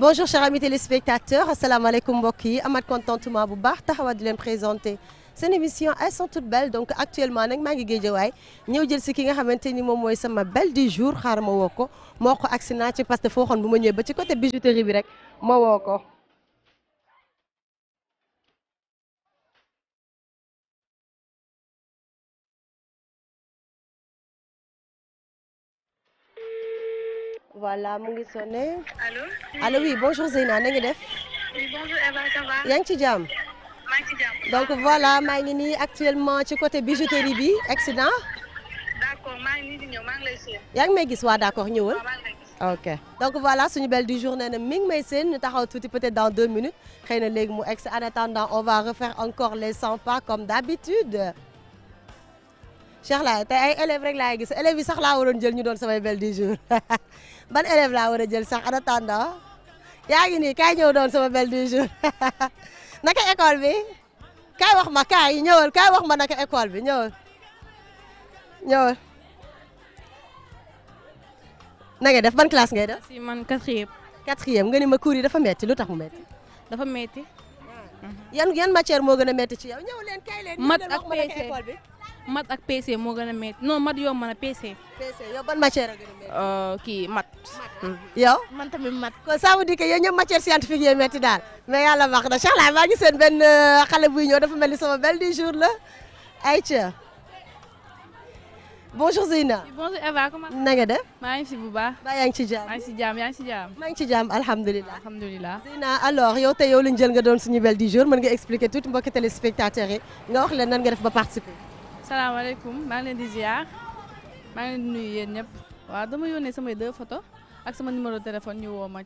bonjour chers amis téléspectateurs asalaamaaleykum mbokk yi amat contentement bu baax taxawaat di leen présenter seen émission ay sont toutes belles donc actuellement nag maa ngi géejawaay ñëw jël si ki nga xamante ni moom mooy sama belle du jour xaar ma woo ko moo ko agsi naa ci parce que foo xoon bu ma ñëwee ba ci côté bijouterie bi rek ma woo ko voilà mu alo sonné allo allo oui bonjour Zeyna na nga def. oui ci jàmm. maa ngi ci donc voilà maa ngi nii actuellement ci côté bijouterie bi accident. d'accord maa ngi ngi may gis waa d'accord ñëwal. ok donc voilà suñu belle du jour nee na mi ngi may seen ñu taxaw tuuti peut dans deux minutes xëy na léegi mu ex en attendant on va refaire encore les 100 pas comme d'habitude Cheikh Laye tey ay élèves rek laay gis élèves yi sax laa waroon jël ñu doon samay belle du jour ban élève laa war a jël sax en attendant yaa ngi nii kaay ñëw doon sama belle du jour naka école bi kaay wax ma kaay ñëwal kaay wax ma naka école bi ñëwal ñëwal. na nga def ban classe ngay def. si man quatrième. quatrième nga ni ma cours yi dafa metti lu tax mu metti dafa metti yan yan matière moo gën a metti ci yow ñëw leen kaay leen. mat ak PET ñu leen wax ma naka école bi. mat ak PC moo gën a métti non mat yomb na PC. PC yow ban matière la gën a euh, kii mat. Ah. Hmm. yow man tamit mat. kon ça veut dire que yéen matière scientifique yee métti daal mais yàlla wax na Cheikh maa ngi seen benn euh, xale buy ñëw dafa mel ni sama belle du jour la ay bonjour bonjour Eva comment na nga def. maa ngi si bu baax. ba yaa ngi ci jàmm maa ngi si jàmm yaa ngi si jàmm. maa ngi ci jàmm alhamdulilah. alhamdulilah Zeyna alors yow belle du jour mën nga expliquer tout mbokki téléspectateurs yi nga wax leen nan nga def ba participer. salaamaaleykum maa ngi leen di ziar maa ngi leen di nuyu yéen ñëpp waaw dama yónnee samay deux photos ak sama numéro téléphone ñu woo ma.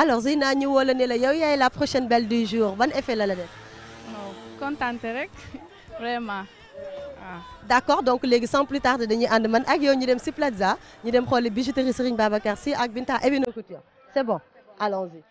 alors Zeyna ñu woo nee la yow yaay la prochaine belle du jour ban effet la la def. non contente rek vraiment waaw. d' accord donc léegi sans plus tarder dañuy ànd man ak yow ñu dem si Plaza ñu dem xooli bijouterie Serigne Babacar Sy ak Binta Ebino Couture c' est bon allons-y.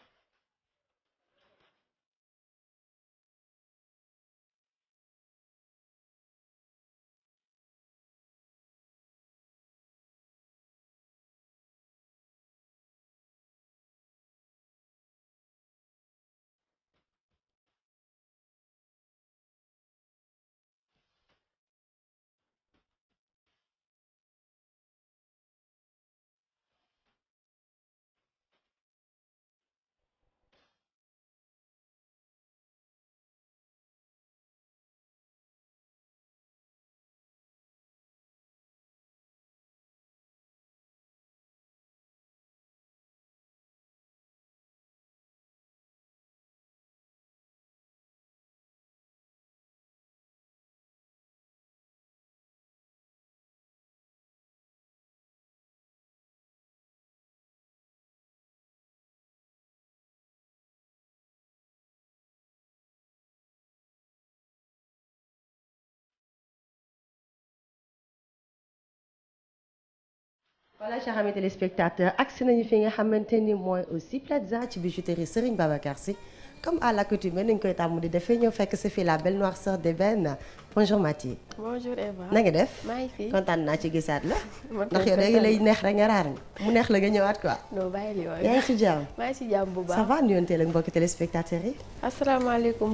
voilà chers amis téléspectateurs agsi nañu fi nga xamante ni mooy aussi Plaza ci bijouterie Serigne Babacar Sy comme à l'accoutumée nañ koy tàmm di defee ñoo fekk si fii la belle noirceur d'ébène bonjour Mathie. bonjour Eva na nga def. maa ngi fi naa ci gisaat la. ndax yow léegi lay neex rek nga raar neex la ñëwaat quoi. non bàyyi li woon yaa ngi bu baax ça va nuyonteel ak mbokki téléspectateurs yi. asalaamaaleykum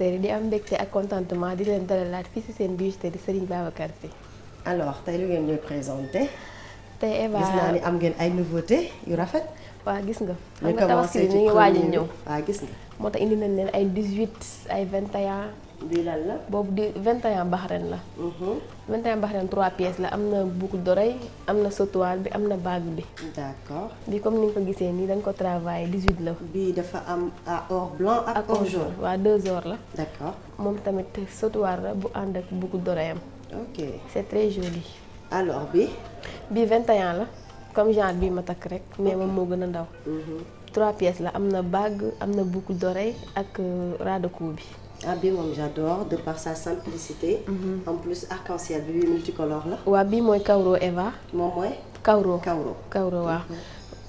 yi di am mbégte ak contentement di leen dalalaat fii si seen bijouterie Serigne Babacar Sy. alors tey lu ngeen ñuy présenté. te Eva gis naa ni am ngeen ay nouveauté yu rafet. waa gis nga. xam nga ngi gis nga. moo tax indi nañ leen ay 18 ay 21. bii lan la boobu di 21 Bahreïn la. 21 mhm. Bahreïn 3 pièces la am na boucle d'oreille am na sautoir bi am na bague bi. d'accord bi comme ni nga ko gisee nii dañ ko travaillé 18 la. bii dafa am à or blanc ak. or jaune waaw 2 or la. moom tamit sautoir la bu ànd ak boucle d'oreille am. ok c'est très joli. alors bi. bii 21 la comme genre bii ma takk rek mais moom moo gën a ndaw. Mhm. trois pièces la am na bag am na boucle d'oreille ak euh, ras cou bi. ah bii moom j'adore de par sa simplicité. Mhm. en la. waaw bii mooy Kawro Eva. moom mooy. Kawro Kawro Kawro mhm. waaw.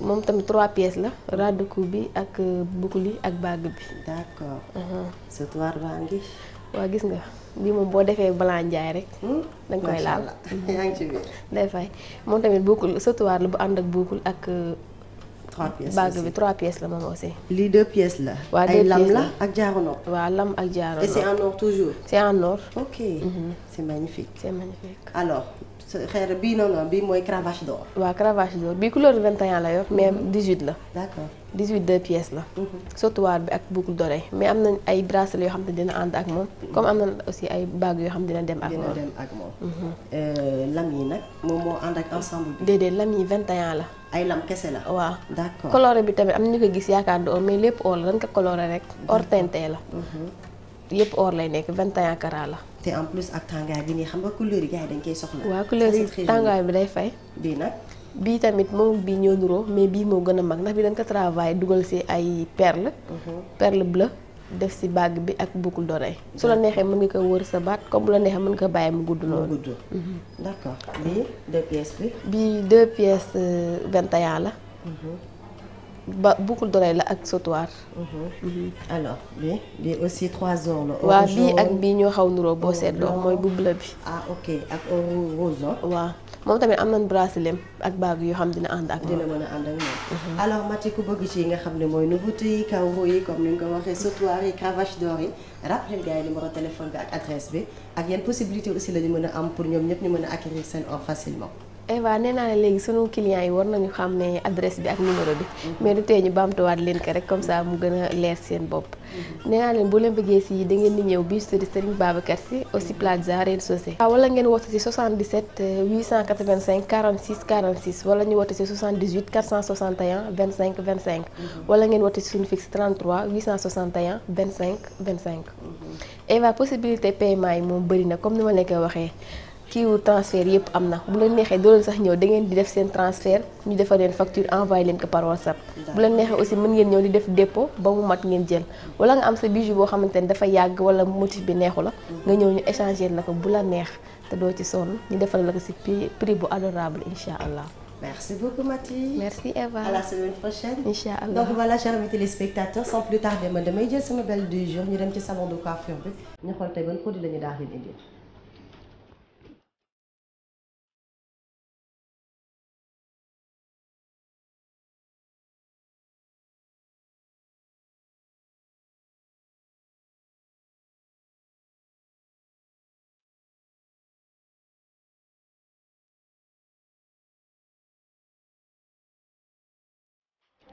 moom tamit trois pièces la ras bi ak euh, boucle li ak bag bi. d'accord. baa ngi. waaw gis nga bii moom boo defee balaa njaay rek. Hmm? da nga koy laal yaa ngi ci biir. day fay moom la bu ànd ak bokkul ak. Euh, trois pièces bague bi trois pièces la moom aussi. lii deux pièces la. waaw deux pièces la ay lam la ak jaaru noor. waaw lam ak jaaro noor et c'est en or toujours. c'est en or. ok mhm. c'est magnifique. c'est magnifique. alors xeer bii noonu bii mooy cravache d'or. waaw cravache d'or bii couleur 21 la yor mais 18 mhm. la. d'accord. 18 deux pièces la. Mhm. sautoir bi ak boucle d'oreille mais am nañ ay bracelet yoo xam ne dina ànd ak moom. Mhm. comme am nañ aussi ay bagues yoo xam ne dina dem ak moom dem ak moom. Mhm. Euh, lam yi nag moom moo ànd ak ensemble bi. déedéet lam yi 21 la. ay lam kese la. waaw d'accord coloré bi tamit am nañu ko gis yaakaar ne or mais lépp or la dañ ko coloré rek or or lay nekk 21 carats la. te en plus ak tàngaay bi xam nga couleur yi dañ koy soxla. waaw tàngaay bi day fay. bii nag. bii tamit moom bii ñoo nuroo mais bii moo gën a mag ndax bi dañ ko travail dugal si ay mhm. perle perle bleu def si bague bi ak boucle d'oreille su la neexee mun nga ko wër sa baat comme bu la neexee mën nga ko bàyyi mu gudd noonu mhm. d'accord bii deux pièces bi bii deux pièces euh, vingt et un la mhm. ba boucle d'oreille la ak sautoir. Mhm. Mhm. alors bii bii aussi trois or la. waaw bii ak bii ñoo xaw nuroo boo oh, seetloo mooy bu bleu bi. ah ok ak rose waaw moom tamit am nañ bracelet ak bague yoo xam dina ànd ak. dina mën a ànd ak moom. Mhm. alors Maty ku bëgg ci yi nga xam ne mooy nouveauté yi kawru yi comme ni nga waxee sautoir yi cravache d'or yi rappel gars yi numéro téléphone bi ak adresse bi ak yan possibilité aussi la ñu mën a am pour ñoom ñëpp ñu mën a acquérir seen or facilement. Eva nee naa ne léegi sunu clients yi war nañu xam ne adresse bi ak numéro bi. mais du tee ñu leen ko rek comme ça mu gën a leer seen bopp. nee naa leen boo bëggee si da ngeen di ñëw bii di Serigne Babacar si aussi Plaza Ren Socé. waaw ah, wala ngeen woote si 77 885 46 46 wala ñu woote si 78 461 25 25. wala ngeen woote si suñu fixe 33 861 25 25. Eva possibilité paiement yi moom bëri na comme ni ma leen koy waxee. kiiwu transfert yëpp am na bu leen neexee doo sax ñëw da ngeen di def seen transfert ñu defal leen facture envoyé leen ko par whatsapp bu leen neexee aussi mën ngeen ñëw di def dépôt ba mu mat ngeen jël wala nga am sa bijou boo xamante ne dafa yàgg wala motif bi neexu la nga ñëw ñu échanger la ko bu la neex te doo ci sonn ñu defal la ko si prix bu adorable incha allah Merci beaucoup Mathie. Merci Eva. À la semaine prochaine. Inch'Allah. Donc voilà chers amis téléspectateurs sans plus jël sama belle du jour ñu dem ci salon de coiffure bi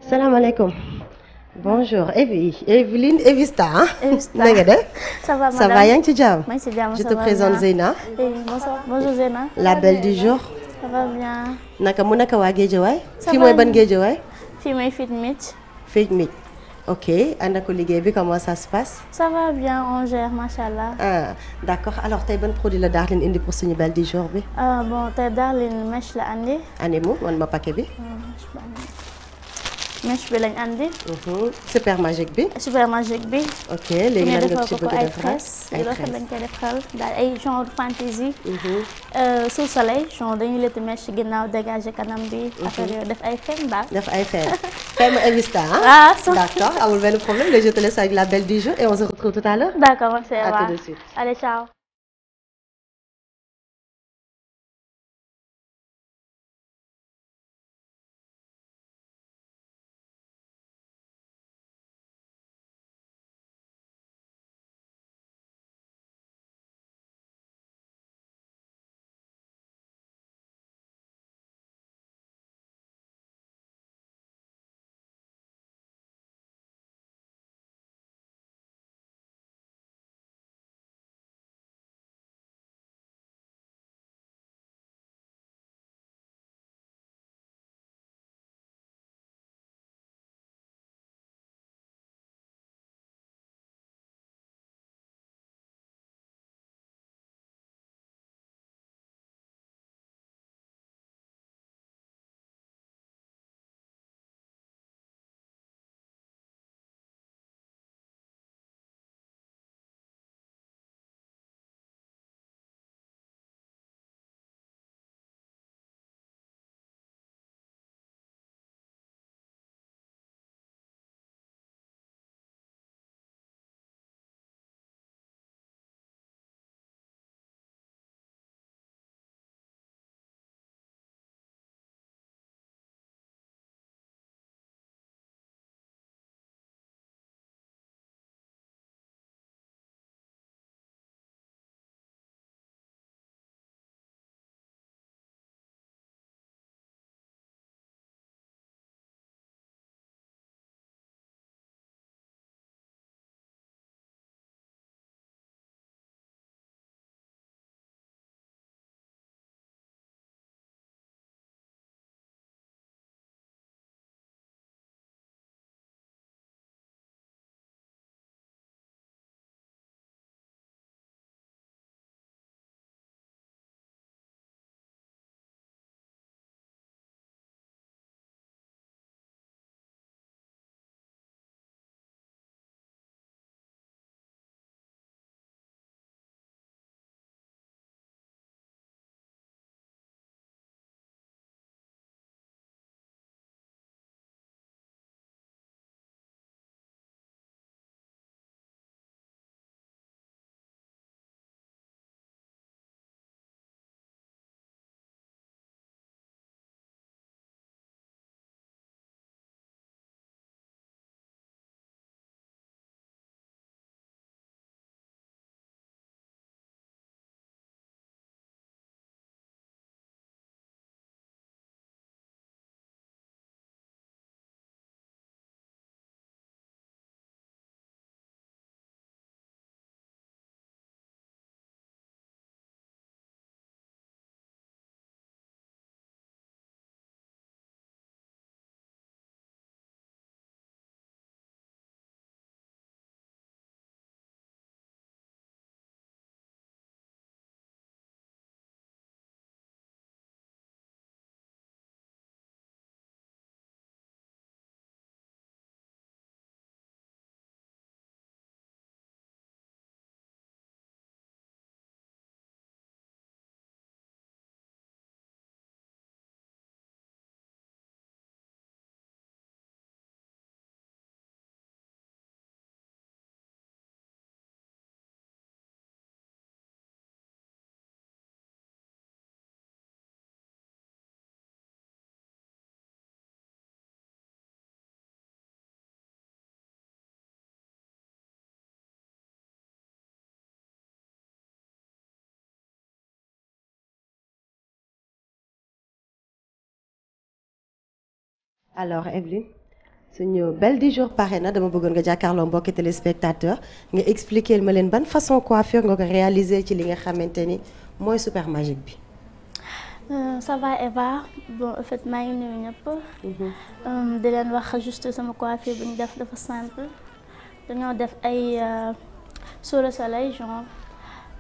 salaamaaleykum bonjour Evie Evelyne Evista Evista na nga def. ça va madame ça va yaa ngi ci jàmm. maa ngi ci jàmm ça va bien je te présente Zeyna. bonsoir bonjour Zeyna. la belle du jour. ça va bien. waa Géejawaay. ça fii mooy ban Géejawaay. fii mooy Fit Mitch. Fit Mitch ok ànd ak liggéey bi comment ça se passe. ça va bien on macha allah. ah d' accord alors tey ban produit la Darling indi pour suñu belle du jour bi. Ah, bon tey Darling mèche la andi. andi mu wan ma paquet bi. Ah, mèche bi lañ andi. super magique bi. super magique bi. ok léegi lan nga ci bëgg a def race ay xees lañ koy defal daal ay genre fantaisie. Mhm. Euh, sous soleil genre dañuy lëtt mèche ginnaaw dégager kanam bi. Mhm. affaire yooyu def ay femme daal. def ay femme femme Evista ah. d'accord amul benn problème je te laisse avec la belle du jour et on se retrouve tout à l'heure. d'accord merci à tout de suite. allez ciao. alors Evelyne suñu belle du jour pare na dama bëggoon nga jàkkaarloo mbokki téléspectateur nga expliquer ma leen ban façon coiffure nga ko réaliser ci li nga xamante ni mooy super magique bi. Euh, ça va Eva bon en fait maa ngi nuyu ñëpp. Mhm. Euh, di leen wax juste sama coiffure bi ñu def dafa simple dañoo def ay euh, sous le soleil genre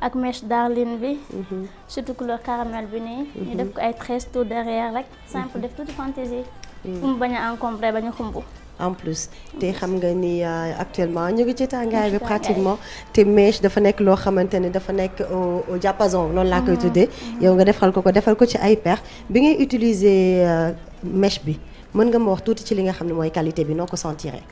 ak mèche darline bi. Mhm. surtout couleur caramel bi nii. ñu mhm. def ko ay tresses tout derrière rek simple def tuuti fantaisie. Mm. pour mu bañ a encombré en plus te xam nga ni euh, actuellement ñu ngi ci tàngaay bi pratiquement te mèche dafa nekk loo xamante ne dafa nekk au diapason noonu laa koy mm. tuddee. Mm. yow nga defal ko ko defal ko ci ay per bi ngay utiliser euh, mèche bi mën nga ma wax tuuti ci li nga xam ne mooy qualité bi noo ko sentiree.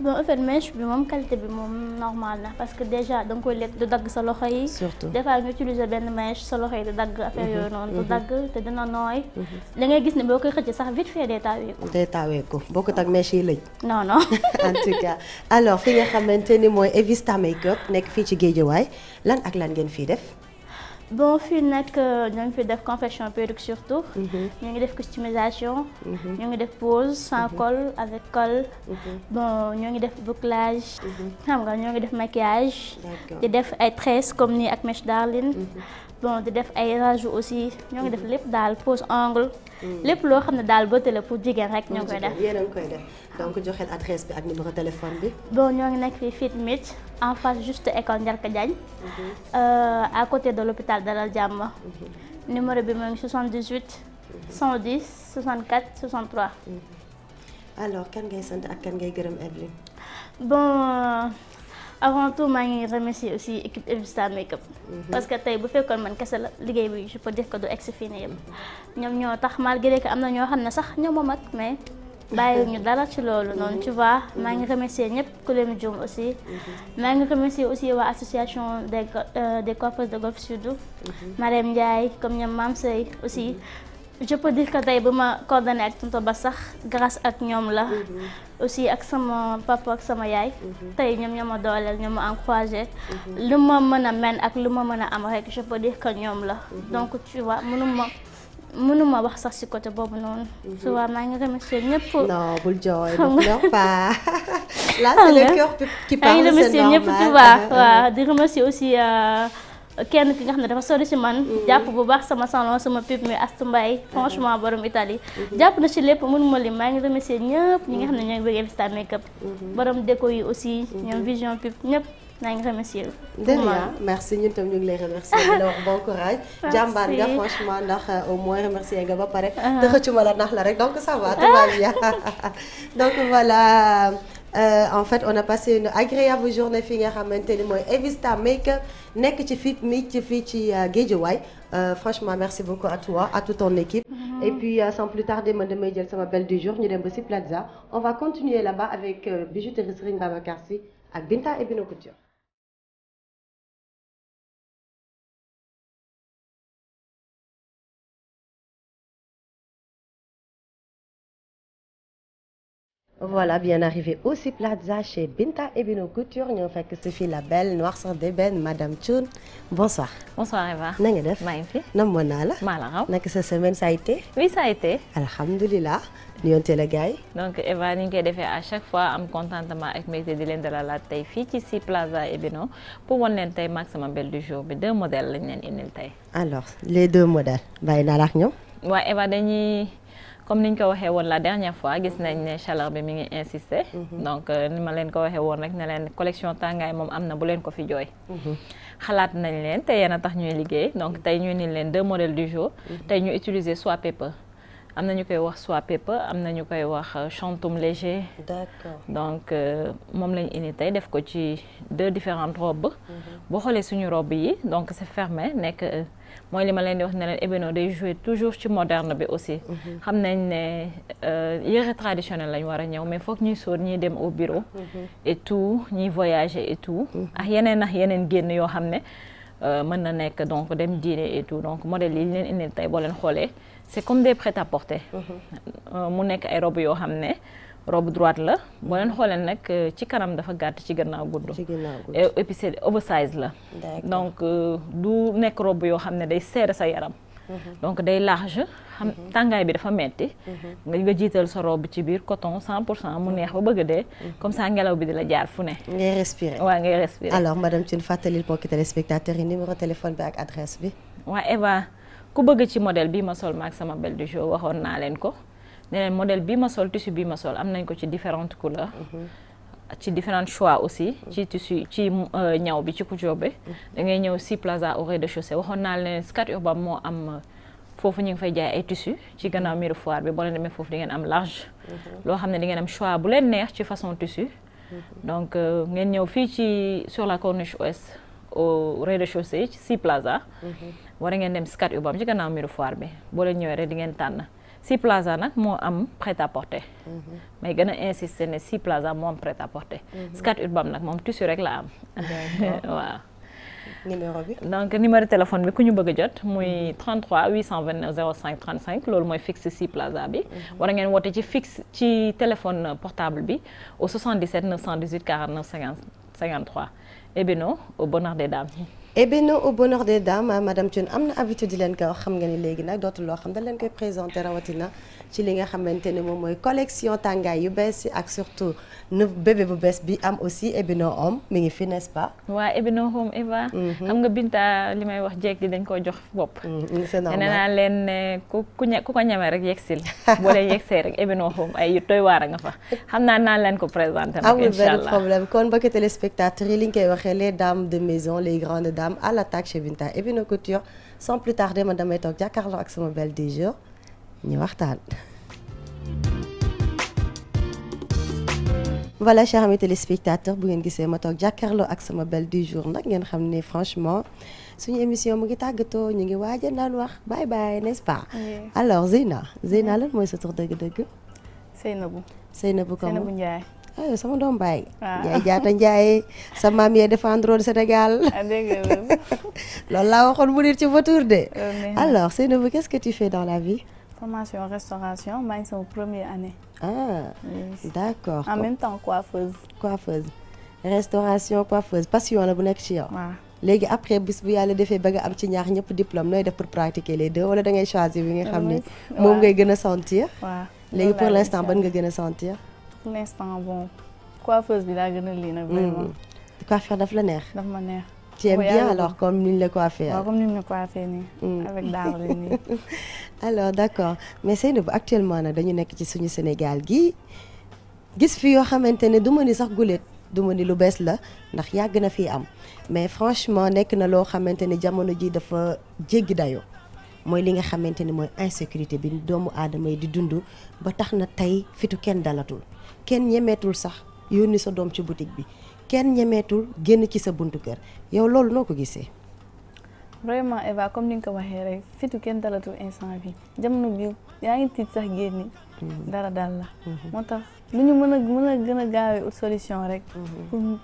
bon en fait mèche bi moom qualité bi moom normal na parce que déjà da nga koy lekk du dagg sa loxo yi. surtout des fois nga benn mèche sa loxo yi du dagg affaire mhm. yooyu noonu. du mhm. dagg te dina nooy. Mhm. da ngay gis ne boo koy xëcc sax vite fait day taaweeku. day taaweeku bokkut ak mèche yi lëj. non non. en tout cas alors fi nga xamante ni mooy Evista Makeup nekk fii ci Guédiawaye lan ak lan ngeen fii def. bon fii nag ñu ngi fi def confection perruque surtout. Mhm. ñu ngi def customisation. Mhm. ñu ngi def pose sans mhm. col avec col. bon ñu ngi def bouclage. xam nga ñu ngi def maquillage. di def ay tresses comme nii ak mèche darling. bon di def ay rajouts aussi ñoo ngi def lépp daal pose ongle. Mm. lépp loo xam ne daal beauté la pour jigéen rek ñoo ngi koy def. yéen a ngi koy def donc joxeel adresse bi ak numéro téléphone bi. bon ñoo ngi nekk fii Fit Mit en face juste école Njarka Diagne. Mm-hmm. Euh, à côté de l'hôpital Dalal Jàmm. Mm-hmm. numéro bi mooy 78. 110 64 63. alors kan ngay sant ak kan ngay gërëm Evelyne. avant tout maa ngi remercier aussi équipe Evista Makeup mhm. parce que tey bu fekkoon man kese la liggéey bi je peux dire que du egsi fii nii yëpp ñoom ñoo tax malgré que am na ñoo xam ne sax ñoo ma mag mais bàyyi ñu dara ci loolu noonu ci vois mhm. maa ngi remercier ñëpp ku leen jum aussi mhm. maa ngi remercier aussi waa association des euh, des coiffeuses de Golf Sud Marème Ndiaye comme ñoom Mame Sey aussi je peux dire que tey ba ma coordonné ak tonton ba sax grâce ak ñoom la. Mm-hmm. aussi ak sama papa ak sama yaay. Mm-hmm. tey ñoom ñoo ma dooleel ñoo ma encouragé. Mm-hmm. lu ma mën a men ak lu ma mën a am rek je peux dire que ñoom la. donc tu vois mënuma mënuma wax sax ci côté boobu noonu. tu vois maa ngi remercier ñëpp. non tu vois waaw di remercier aussi. Euh, kenn ki nga xam ne dafa sori si man mm-hmm. jàpp bu baax sama salon sama pub mi Astou Mbaye mm-hmm. franchement borom Italie jàpp na si lépp mun ma lim maa ngi remercier ñëpp ñi nga xam ne mm-hmm. ñoo ngi bëggee Vista Makeup borom déco yi aussi ñoom vision pub ñëpp naa remercier vraiment merci ñun tam ñu ngi remercier di la wax bon courage. jàmbaar nga franchement ndax euh, au moins remercier nga ba pare. Ah. te xëccu ma la nax la rek donc ça va tout va Euh, en fait on a passé une agréable journée fi nga xamante ni mooy Evista Make-up nekk ci fit mi ci fii ci euh, Guédiawaye euh, franchement merci beaucoup à toi à toute ton équipe. Mm -hmm. et puis euh, sans plus tarder man damay jël sama belle du jour ñu dem ba ci Plaza on va continuer là-bas avec euh, bijouterie Serigne Babacar Sy ak Binta et Bino voilà bien arrivé aussi Plaza chez Binta Ebino Couture ñoo fekk si fii la belle noire sur d'ébène madame Thioune bonsoir. bonsoir Eva na nga def maa ngi fi. na mën naa la maa la raw naka sa semaine ça a été. oui ça a été. alhamdulilah nuyonte la gars yi. donc Eva ni ñu koy defee à chaque fois am contentement ak mbégte di leen dalalaat tey fii ci si Plaza Ebino pour wan leen tey maag sama belle du jour bi deux modèles lañ leen indil tey. alors les deux modèles bàyyi naa la ak Eva dañuy. comme ni ñu ko waxee woon la dernière fois gis nañ ne chaleur bi mi ngi insister. Mhm. donc euh, ni ma leen ko waxee woon rek ne leen collection tàngaay moom am na bu leen ko fi jooy. Mhm. xalaat nañ leen te yéen a tax ñuy liggéey donc tey ñu ni leen deux modèles du jour. Mhm. tey ñu utiliser soit paper. am na ñu koy wax soie paper am na ñu koy wax chantum euh, léger. d'accord donc euh, moom lañu indi tey def ko ci deux différentes robes. boo xoolee suñu rob yi donc c'est fermé nekk. mooy li ma leen di wax ne leen de day jouer toujours ci moderne bi aussi. Mhm. xam nañ ne euh, yére traditionnel lañ war a ñëw mais foog ñuy sóor ñuy dem au bureau. Mhm. et tout ñuy voyager et tout. Mhm. ak yeneen ak yeneen génn yoo xam ne euh, mën na nekk donc dem diine et tout donc modèle yi leen indil tey boo leen xoolee c'est comme des prêt-à-porter. Euh, mu nekk ay robe yoo xam ne. robe droite la boo leen xoolee nag euh, ci kanam dafa gàtt ci gannaaw gudd. ci gannaaw gudd euh, oversize la. donc euh, du nekk robe yoo xam ne day serré sa yaram. Mhm. donc day large xam mhm. tàngaay bi dafa metti mhm. nga nga jiital sa robe ci biir coton 100 pour cent mu neex ba bëgg de dee. comme ça ngelaw bi di la jaar fu ne. ngay respirer waaw ngay respirer. alors madame Tine fàttalil mbokki téléspectateur yi numéro téléphone bi ak adresse bi. waa Eva ku bëgg ci modèle bi ma sol maak sama belle du naa leen ko. ne leen modèle bii ma sol tissu bi ma sol am nañ ko ci différentes couleurs. Mhm. ci différents choix aussi ci tissu ci euh, ñaw bi ci couture bi mhm. da ngay ñëw si plaza au rez de waxoon naa leen Scat Urbam moo am foofu ñu ngi fay jaay ay tissu ci gannaaw mhm. miiru foire bi boo leen foofu di ngeen am large loo xam ne di am choix bu leen neex ci façon tissu donc euh, ngeen ñëw fii ci sur la corniche ouest ci si plaza war dem Scat Urbam ci gannaaw miiru foire bi boo leen ñëwee rek di ngeen tànn si plaza nag moo am prêt à porter mais mhm. gën a insister ne si plaza moo am prêt à porter mhm. scat urbam nag moom tissu rek laa am waaw numéro bi donc numéro téléphone bi ku ñu bëgg a jot muy 33 829 05 35 loolu mooy fixe si plaza bi. Mhm. war ngeen woote ci fixe ci téléphone portable bi au 77 918 49 50 53 et Beno au bonheur des et eh benn au bonheur des dames madame Thioune am na habitude leen ko xam nga ni léegi nag dootu loo xam dañ leen koy présenté rawatina ci li nga xamante ne moom mooy collection tàngaay yu bees yi ak surtout nu bébé bu bees bi am aussi Ebino Home mi ngi fi n'est-ce pas. waaw Ebino Home Eva. Mhm. xam nga Binta li may wax jeeg di dañ koo jox bopp. Mhm, c'est normal nee naa leen ku ku ku ko ñeme rek yegsil boo leen yegsee rek Ebino Home ay yu doy fa xam naa naa leen ko présenté. nag incha allah li ñu koy waxee les dames de maison femme à l'attaque chez Binta et Bino toog jàkkaarloo ak sama bel du jour ñu waxtaan. voilà chers amis téléspectateurs bu ngeen gisee ma toog jàkkaarloo ak sama belle du jour nag ngeen xam ne franchement suñu émission mu ngi tàggatoo ñu ngi waaja naan wax bye bye n'est-ce alors Zeyna Zeyna lan mooy sa tur dëgg-dëgg. Seynabou Seynabou Ndiaye aywa sama doom baay. waaw ah. Ndiaye jaata Ndiaye sa maam yee défendre woon Sénégal. Ah, dégg loolu laa waxoon mu ci voiture de. alors Seynabou quest fais dans la vie. formation restauration maa ngi sama première année. ah oui. d'accord en même temps coiffeuse. coiffeuse restauration coiffeuse passion la bu nekk ci yow. waaw ah. léegi après bu yàlla defee ba nga am ci ñaax ñëpp diplôme nooy def pour pratiquer les deux wala da ngay choisir bi nga xam ni moom ngay gën a sentir. waaw léegi pour l'instant ban nga gën a sentir. pour l'instant bon coiffeuse bi laa gën a lii nag. Mm-hmm. vraiment coiffure daf la neex. daf ma neex. tu aimes bien alors comme ni ñu la coiffé. waaw comme ni ñu la coiffé nii. Mm. avec dara la nii. alors d'accord nag dañu nekk ci suñu Sénégal gi gis fi yoo xamante ne du ma ni sax guléet du ma ni lu bees la ndax yàgg na fii am mais franchement nekk na loo xamante ni jamono ji dafa jéggi dayoo mooy li nga xamante ni mooy insécurité bi doomu aadama yi di dund ba tax na tey fitu kenn dalatul. kenn ñemeetul sax yónni sa doom ci boutique bi kenn ñemeetul génn ci sa buntu kër yow loolu noo ko gisee. vraiment Eva comme ni nga ko waxee rek surtout kenn dalatul instant bi jamono bi yaa ngi tiit sax génn. Mhm. dara dal la. Mhm. moo tax lu ñu mën a mën a gën a gaawee ut solution rek. Mhm. pour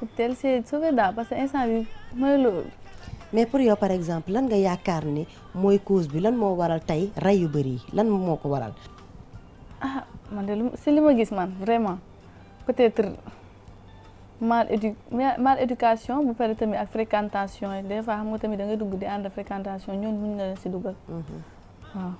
pour teel see sauver parce que instant bi mooy loolu. mais pour yow par exemple lan nga yaakaar ni mooy cause bi lan moo waral tey rey yu bëri yi lan moo ko waral. Ah, man de lu si li ma gis man vraiment peut-être mal édu mal éducation bu pare tamit ak fréquentation yi des fois xam nga tamit da nga dugg di ànd fréquentation ñoon muñ la dugal mm-hmm. waaw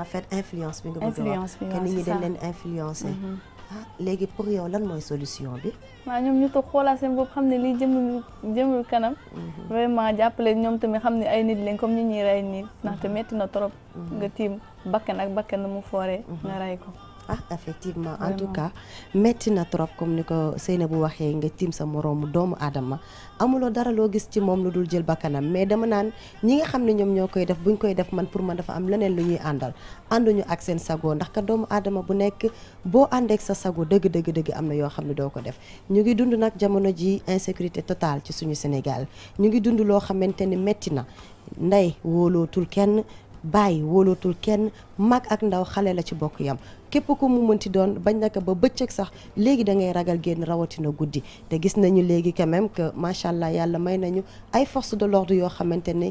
en fait influence bi nga bëgg a wax que nit ñi dañ leen influencé mm-hmm. ah léegi pour yow lan mooy solution bi waaw ñoom ñu toog xoolaat seen bopp xam ne lii jëmul jëmul kanam mm-hmm. vraiment jàppale ñoom tamit xam ne ay nit lañ comme nit ñuy rey nit ndaxte metti na trop nga tiim bakkan ak bakkan na mu fooree nga rey ko ah effectivement en tout cas metti na trop comme ni ko bu waxee nga tiim sa moroomu doomu aadama amuloo dara loo gis ci moom lu dul jël bakkanam mais dama naan ñi nga xam ne ñoom ñoo koy def buñ koy def man pour man dafa am leneen lu ñuy àndal ànduñu ak seen sago ndax ka doomu aadama bu nekk boo àndeek sa sago dëgg dëgg dëgg am na yoo xam ne doo ko def ñu ngi dund nag jamono ji insécurité totale ci suñu Sénégal ñu ngi dund loo xamante ni metti na ndey kenn bàyyi wóolootul kenn mag ak ndaw xale la ci bokk yam képp ku mu mënti doon bañ naka ba bëccëg sax léegi da ngay ragal génn rawatina guddi te gis nañu léegi quand même que macha allah yàlla may nañu ay force de l'ordre yoo xamante ne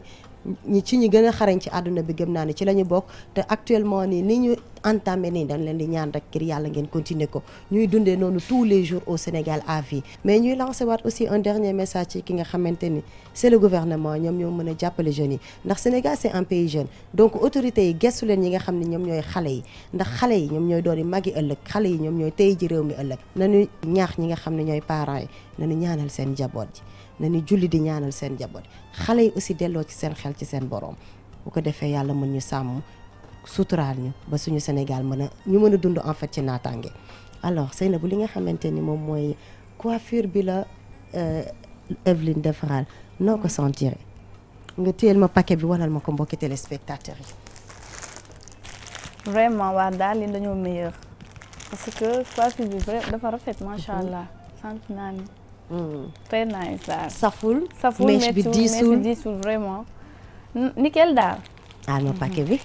ñi ci ñi gën a xarañ ci àdduna bi gëm naa ne ci la ñu bokk te actuellement nii nii ñu entamé nii dañ leen di ñaan rek ngir yàlla ngeen continuer ko ñuy dundee noonu tous les jours au Sénégal à vie mais ñuy lancé waat aussi un dernier message ci ki nga xamante ni c'est le gouvernement ñoom ñoo mën a jàppale jeunes yi ndax Sénégal c'est un pays jeune donc autorité yi gestu leen ñi nga xam ni ñoom ñooy xale yi ndax xale yi ñoom ñooy doon magi ëllëg xale yi ñoom ñooy tey ji réew mi ëllëg nañu ñaax ñi nga xam ne ñooy parents yi nañu ñaanal seen jaboot ji na ni julli di ñaanal seen njaboot xale yi aussi delloo ci seen xel ci seen borom bu ko defee yàlla mën ñu sàmm suturaal ñu ba suñu Sénégal mën a ñu mën a dund en fait ci naataange alors sëy na bu li nga xamante ni moom mooy coiffure bi la euh, Evelyne defaral noo ko sentir nga téyel ma paquet bi wanal ma ko mbokki téléspectateurs yi vraiment waa daal li dañoo parce que coiffure bi dafa rafet macha mm-hmm. allah Mm. très nice daal. saful saful mèche bi diisul mèche vraiment. nickel daal. ah non paquet mm-hmm. bi.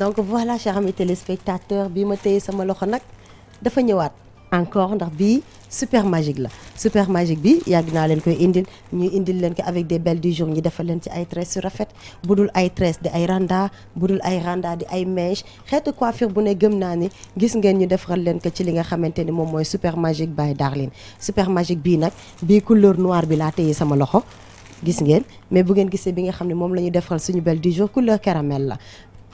donc voilà chers amis téléspectateurs bi ma téye sama loxo nag dafa ñëwaat encore ndax bii. super la super magique bi yàgg naa leen koy indil ñu indil leen ko avec des belles du jour ñu defal leen ci ay tresses su rafet bu dul ay tresses di ay randa bu dul ay randa di ay mèches xeetu coiffure bu ne gëm naa ni gis ngeen ñu defaral leen ko ci li nga xamante ni moom mooy super magique by Darling super magique bii nag bii couleur noir bi laa téye sama loxo gis ngeen mais bu ngeen gisee bi nga xam ne moom la ñu defaral suñu belle di jour couleur caramel la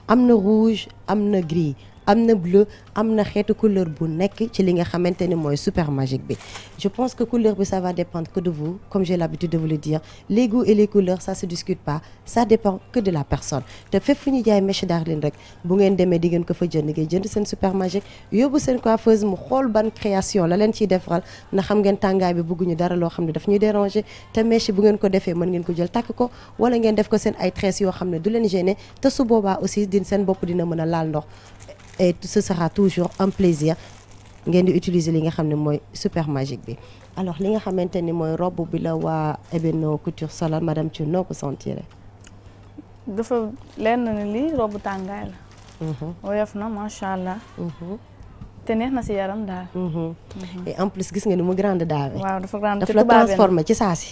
am na rouge am na gris am na bleu am na xeetu couleur bu nekk ci li nga xamante ne mooy supermagique bi je pense que couleur bi ça va dépendre que de vous comme j'ai l'habitude de vous le dire les et les couleurs ça se pas ça dépend que de la personne te fépp fu ñu jaay mèche d'Arline rek bu ngeen demee di ngeen ko fa jënd ngeen jënd seen super magique yóbbu seen coiffeuse mu xool ban création la leen ciy defaral na xam ngeen tàngaay bi bëgguñu dara loo xam ne daf ñuy déranger te mèche ko defee mën ko jël takk ko wala ngeen def ko seen ay tresses yoo xam ne du leen gêner te su boobaa din seen bopp dina mën a laal et ce sera toujours un plaisir ngeen di utiliser li nga xam ne mooy super magique bi alors li nga xamante ni mooy robe bi la waa Ebeno Couture solal madame Thioune noo ko sentir. dafa lenn ni lii robe tàngaay la. Mhm. woyof na macha allah. Mhm. te neex na si yaram daal. e en plus gis nga ni mu grande daal waaw dafa grande daf la transformé ci saa si.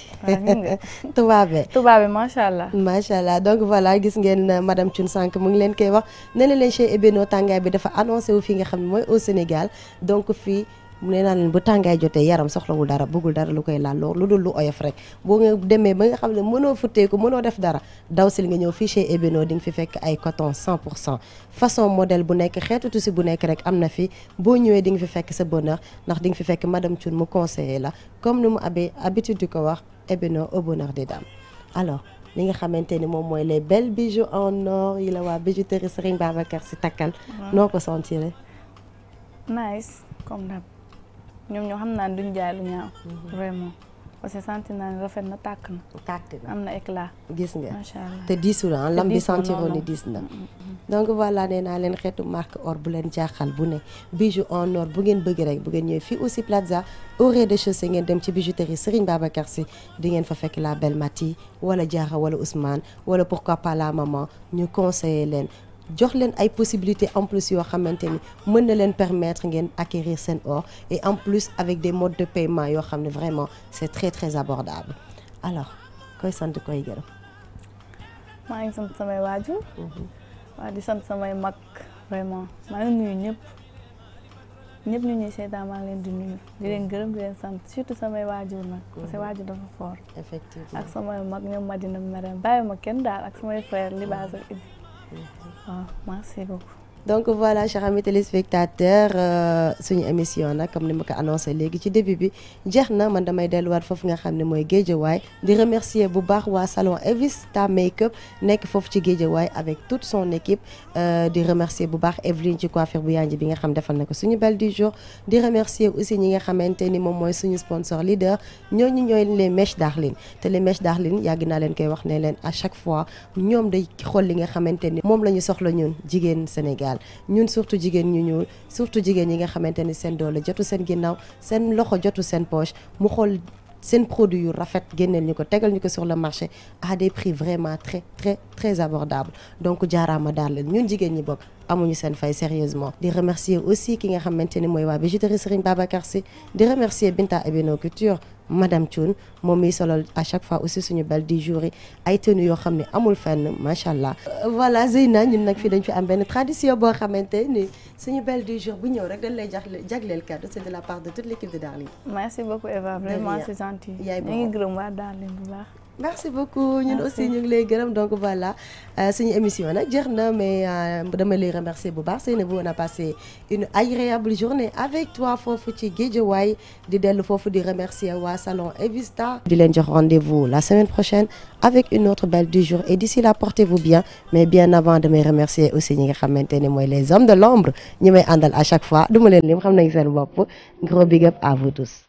tubaabe tubaabe macha allah. macha allah donc voilà gis ngeen euh, madame Thioune Sànq mu ngi leen koy wax nee na leen chez Ebeno tàngaay dafa annoncé wu fi nga xam ne mooy au Sénégal donc fii. mu nee naa leen bu tàngaay jotee yaram soxlawul dara bëggul dara lu koy laal lu dul lu oyof rek boo nga demee ba nga xam ne mënoo futteeku mënoo def dara daw si li nga ñëw fii chez Ebeno di nga fi fekk ay coton 100 pour cent façon modèle bu nekk xeetu tissu bu nekk rek am na fi boo ñëwee di nga fi fekk sa bonheur ndax di nga fi fekk madame Thioune mu conseiller la comme ni mu abee habitude di ko wax Ebeno au bonheur des dames alors li nga xamante ni moom mooy les belle bijoux en or yi la waa bijouterie Serigne Babacar si takkal noo ko sentir nice ñoom ñoo xam naa duñ jaay lu ñaaw. Mhm. vraiment parce que senti naa ne rafet na tàkk na. tàkk na am na éclat. gis nga macha allah te diisul ah lam bi sentiroon ni diis na. Mm, mm, mm. donc voilà nee leen xeetu marque or bu leen jaaxal bu ne bijou en or bu ngeen bëgg rek bu ngeen ñëwee fii aussi Plaza au rez-de-chaussée ngeen dem ci bijouterie Serigne Babacar Sy di ngeen fa fekk la belle Mati wala Diarra wala Ousmane wala pourquoi pas maman ñu conseiller leen. jox leen ay possibilités en plus yoo xamante ni mën na leen permettre ngeen acquérir seen or en plus avec des modes de paiement yoo xam ne vraiment c'est très très abordable alors koy sant koy gërëm. maa ngi sant samay waajur. Mhm. waa di sant samay mag vraiment maa ngi nuyu ñëpp ñëpp ñu ñuy seetaan maa ngi leen di nuyu di leen gërëm di leen sant surtout samay waajur nag. parce que mhm. waajur dafa fort. effectivement ak samay mag ñoom Madina Marème bàyyi ma kenn daal Merci beaucoup. Ah, donc voilà chers amis téléspectateurs euh, suñu émission nag comme ni ma ko annoncé léegi ci début bi jeex na man damay delluwaat foofu nga xam ne mooy Géejawaay di remercier bu baax waa salon Evista Makeup nekk foofu ci Géejawaay avec toute son équipe euh, di remercier bu baax Evelyne ci coiffure bu yanj bi nga xam defal na ko suñu belle du jour di remercier aussi ñi nga xamante ni moom mooy suñu sponsor leader ñooñu ñooy les mèches Darling te les mèches Darling yàgg naa leen koy wax nee leen à chaque fois ñoom day xool li nga xamante ni moom la ñu soxla ñun jigéen Sénégal ñun surtout jigéen ñu ñuul surtout jigéen ñi nga xamante ni seen doole jotu seen ginnaaw seen loxo jotu seen poche mu xol seen produit yu rafet génneel ñu ko tegal ñu ko sur le marché à des prix vraiment très très très abordables donc jaaraama daal la ñun jigéen ñi bokk amuñu seen fay sérieusement di remercier aussi ki nga xamante ni mooy waa bijouterie Serigne Babacar Sy di remercier Binta Ebino Couture madame Thioune moom miy solo à chaque fois aussi suñu belle di jour ay tenues yoo xam ne amul fenn macha allah. Euh, voilà Zeyna ñun nag fii dañ fi am benn tradition boo xamante ni suñu belle du jour bu ñëw rek dañ lay jagleel cadeau c'est de la part de toute l'équipe de Darling. merci beaucoup Eva vraiment c'est gentil. yaay boobu waa Darling bu baax. merci beaucoup ñun aussi ñu ngi lay gërëm donc voilà euh, suñu émission nag jeex na mais euh, dama lay remercier bu baax Seynabou on a passé une agréable journée avec toi foofu ci Guédiawaye di dellu foofu di remercier waa salon Evista di leen jox rendez-vous la semaine prochaine avec une autre belle du jour et d'ici là portez-vous bien mais bien avant damay remercier aussi ñi nga xamante ne mooy les hommes de l'ombre ñi may à chaque fois du ma leen lim xam nañ seen bopp gros